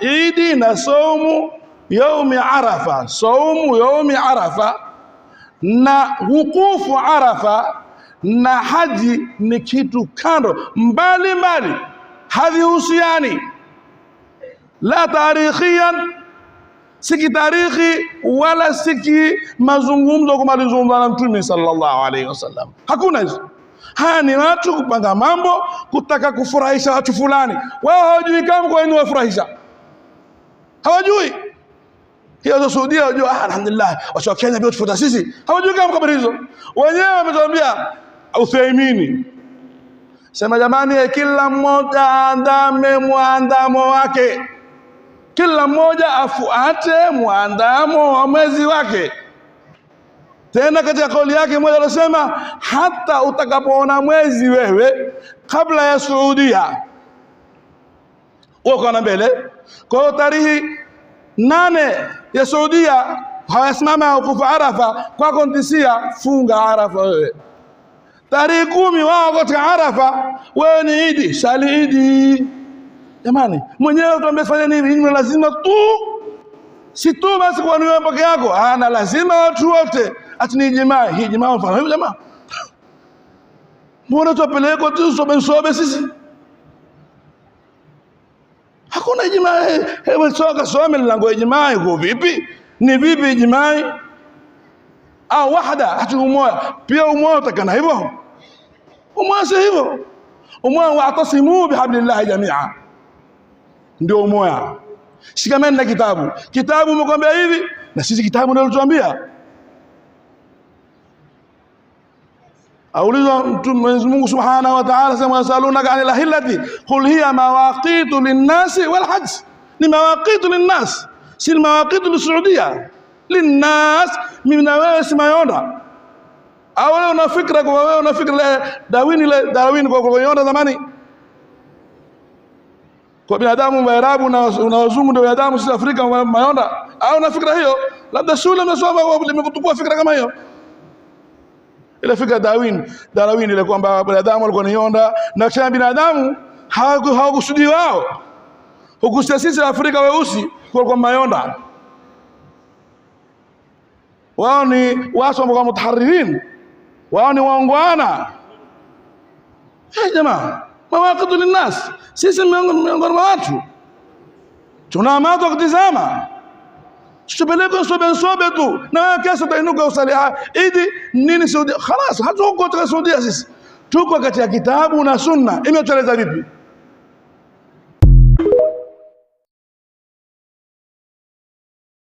idi na saumu yaumi arafa saumu yaumi arafa na wukufu arafa na haji ni kitu kando mbali mbali havihusiani la tarikhian siki tarikhi wala siki mazungumzo kama alizungumza na mtume sallallahu alaihi wasallam hakuna hizo haya ni watu kupanga mambo kutaka kufurahisha watu fulani wao hawajui kama kwa nini wafurahisha hawajui. Hiyo wazoshuhudia wajua, ah, alhamdulillah, wacha Kenya ndio tufuta sisi, hawajui kama kabari hizo. Wenyewe wametuambia Uthaimini sema, jamani, kila mmoja andame mwandamo wake, kila mmoja afuate mwandamo wa mwezi wake. Tena katika kauli yake moja alosema, hata utakapoona mwezi wewe kabla ya Saudia uko mbele. Kwa hiyo tarehe nane ya Saudia hawasimama hukufa Arafa, kwako ntisia funga Arafa wewe. Tarehe kumi wao katika Arafa, wewe ni Idi, sali Idi. Jamani, mwenyewe tuambie fanya nini? Ni lazima tu si tu basi kwa nini peke yako, ana ah, lazima watu wote ati ni jamaa hii jamaa mfano hivi jamaa. Mbona tupeleko tu sobe sobe sisi? hakuna ijimaa. Hebu soka some ya ijimai uko vipi? Ni vipi ijimai au wahda? Hata umoja pia umoja utakana hivyo, umoja si hivyo. Umoja watasimu bihablillahi jamia, ndio umoja. Shikameni na kitabu. Kitabu umekwambia hivi, na sisi kitabu ndio tunatuambia. Aulizwa mtume Mwenyezi Mungu Subhanahu wa Ta'ala, sema yasalunaka anil ahillati qul hiya mawaqitu linnasi wal hajj, ni mawaqitu linnas, si mawaqitu lisuudia linnas. Mimi na wewe simayonda au wewe una fikra kwa wewe una fikra le dawini le darawini kwa kwa yonda zamani kwa binadamu Waarabu na wazungu ndio binadamu, sisi Afrika mayonda au una fikra hiyo, labda shule mnasoma, limekutukua fikra kama hiyo ile fikra Darwin Darwin ile kwamba binadamu alikuwa yonda na kisha binadamu hawakusudi wao hukusia sisi Afrika weusi walikuwa mayonda wao ni watu ambao mutaharirin wao ni waongoana hey, eh, jamaa mawaqitu linnas sisi miongoni mwa watu tunaamatu kutizama tupelekwe sobensobe tu na kesho utainuka usali ah, idi nini Saudia. Khalas, hatuko katika Saudia sisi, tuko katika kitabu na sunna. Imetueleza vipi?